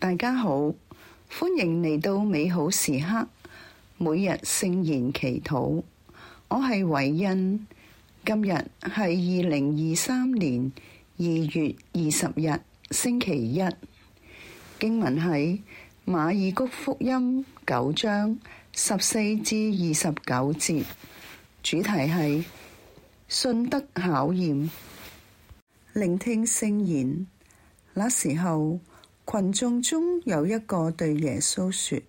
大家好，歡迎嚟到美好時刻，每日聖言祈禱。我係韋恩，今日係二零二三年二月二十日，星期一。經文喺馬爾谷福音九章十四至二十九節，主題係信德考驗。聆聽聖言，那時候。群眾中有一個對耶穌說：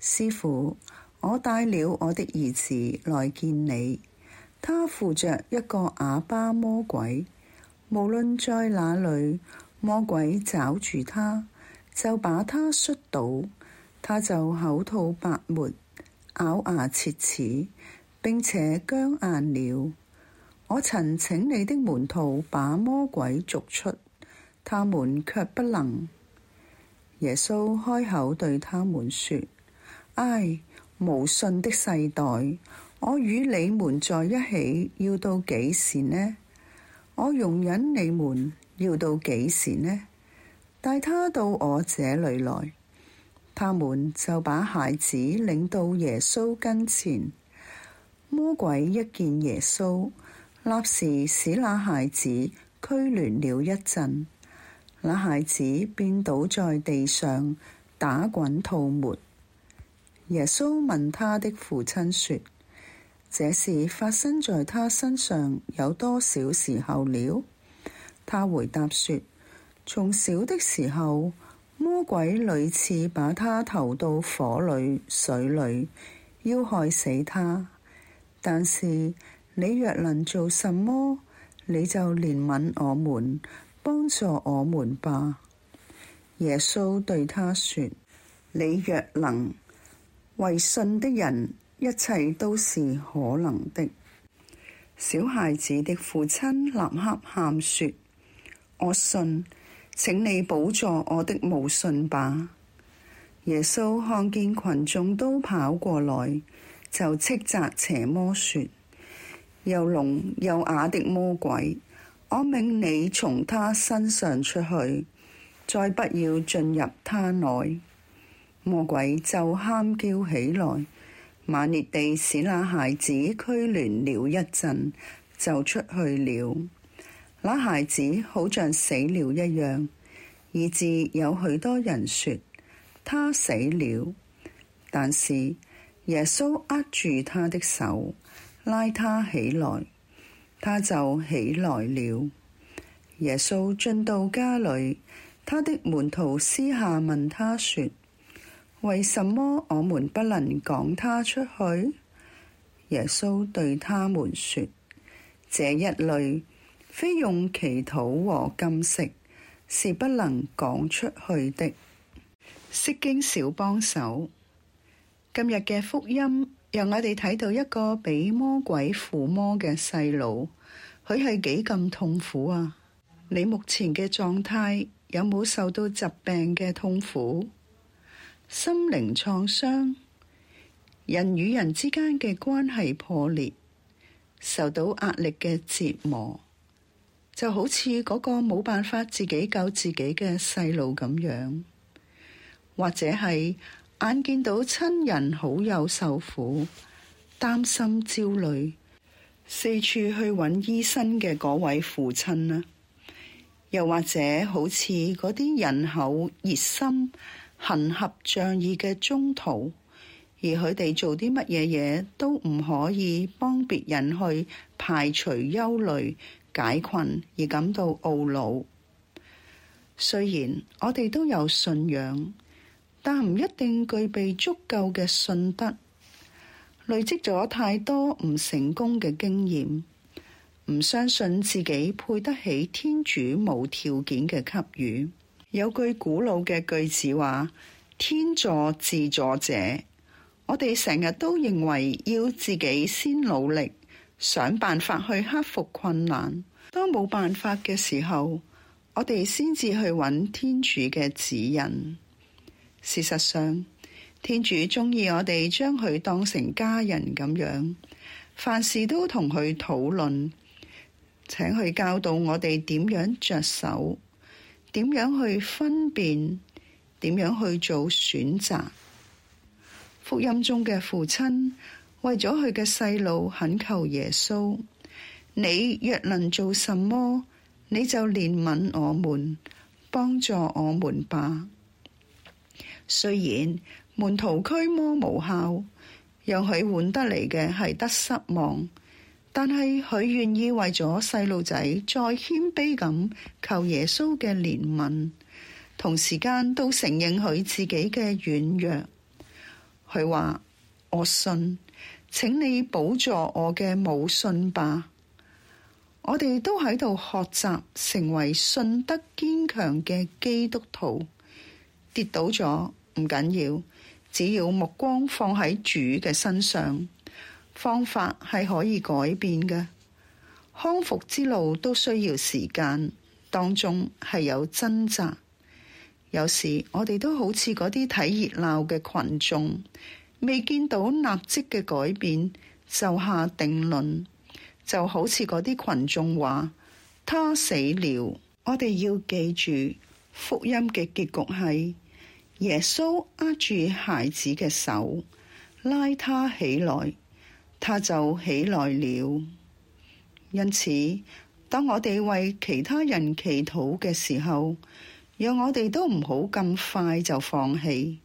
師傅，我帶了我的兒子來見你。他附著一個啞巴魔鬼，無論在哪裏，魔鬼抓住他，就把他摔倒，他就口吐白沫，咬牙切齒，並且僵硬了。我曾請你的門徒把魔鬼逐出，他們卻不能。耶穌開口對他們說：唉，無信的世代，我與你們在一起要到幾時呢？我容忍你們要到幾時呢？帶他到我這裏來。他們就把孩子領到耶穌跟前。魔鬼一見耶穌，立時使那孩子拘攣了一陣。那孩子便倒在地上打滾吐沫。耶穌問他的父親說：這事發生在他身上有多少時候了？他回答說：從小的時候，魔鬼屢次把他投到火裏、水裏，要害死他。但是你若能做什麼，你就憐憫我們。幫助我們吧！耶穌對他說：你若能？為信的人，一切都是可能的。小孩子的父親立刻喊說：我信！請你補助我的無信吧。耶穌看見群眾都跑過來，就斥責邪魔說：又聾又啞的魔鬼！我命你從他身上出去，再不要進入他內。魔鬼就喊叫起來，猛烈地使那孩子拘攣了一陣，就出去了。那孩子好像死了一樣，以致有許多人說他死了。但是耶穌握住他的手，拉他起來。他就起來了。耶穌進到家裏，他的門徒私下問他說：為什麼我們不能趕他出去？耶穌對他們說：這一類非用祈禱和禁食是不能趕出去的。《釋經小幫手》今日嘅福音讓我哋睇到一個被魔鬼附魔嘅細路，佢係幾咁痛苦啊！你目前嘅狀態有冇受到疾病嘅痛苦、心靈創傷、人與人之間嘅關係破裂、受到壓力嘅折磨？就好似嗰個冇辦法自己救自己嘅細路咁樣，或者係。眼見到親人好友受苦，擔心焦慮，四處去揾醫生嘅嗰位父親啦，又或者好似嗰啲古道熱腸、行俠仗義嘅宗徒，而佢哋做啲乜嘢嘢都唔可以幫別人去排除憂慮、解困，而感到懊惱。雖然我哋都有信仰，但唔一定具備足夠嘅信德，累積咗太多唔成功嘅經驗，唔相信自己配得起天主無條件嘅給予。有句古老嘅句子話：天助自助者。我哋成日都認為要自己先努力，想辦法去克服困難。當冇辦法嘅時候，我哋先至去揾天主嘅指引。事實上，天主鍾意我哋將佢當成家人咁樣，凡事都同佢討論，請佢教導我哋點樣着手，點樣去分辨，點樣去做選擇。福音中嘅父親為咗佢嘅細路，懇求耶穌：你若能做什麼，你就憐憫我們，幫助我們吧。雖然門徒驅魔無效，讓佢換得嚟嘅係得失望，但係佢願意為咗細路仔再謙卑咁求耶穌嘅憐憫，同時間都承認佢自己嘅軟弱。佢話：我信，請你補助我嘅無信吧。我哋都喺度學習成為信德堅強嘅基督徒。跌倒咗唔緊要，只要目光放喺主嘅身上，方法係可以改變嘅，康復之路都需要時間，當中係有掙扎。有時我哋都好似嗰啲睇熱鬧嘅群眾，未見到立即嘅改變就下定論，就好似嗰啲群眾話：他死了。我哋要記住，福音嘅結局係。耶穌握住孩子嘅手，拉他起來，他就起來了。因此，當我哋為其他人祈禱嘅時候，讓我哋都唔好咁快就放棄，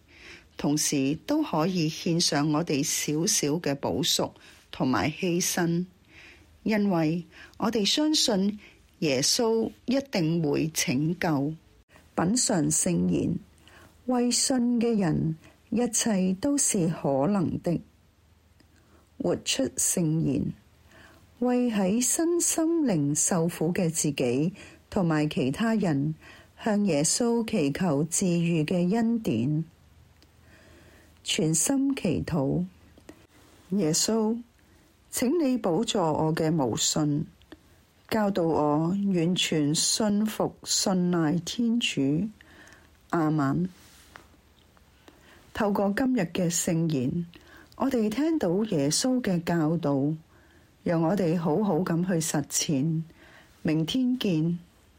同時都可以獻上我哋少少嘅補贖同埋犧牲，因為我哋相信耶穌一定會拯救。品嚐聖言。為信嘅人，一切都是可能的！活出聖言。為喺身心靈受苦嘅自己同埋其他人，向耶穌祈求治癒嘅恩典，全心祈禱。耶穌，請你補助我嘅無信，教導我完全信服信賴天主。阿們。透過今日嘅聖言，我哋聽到耶穌嘅教導，讓我哋好好咁去實踐，明天見。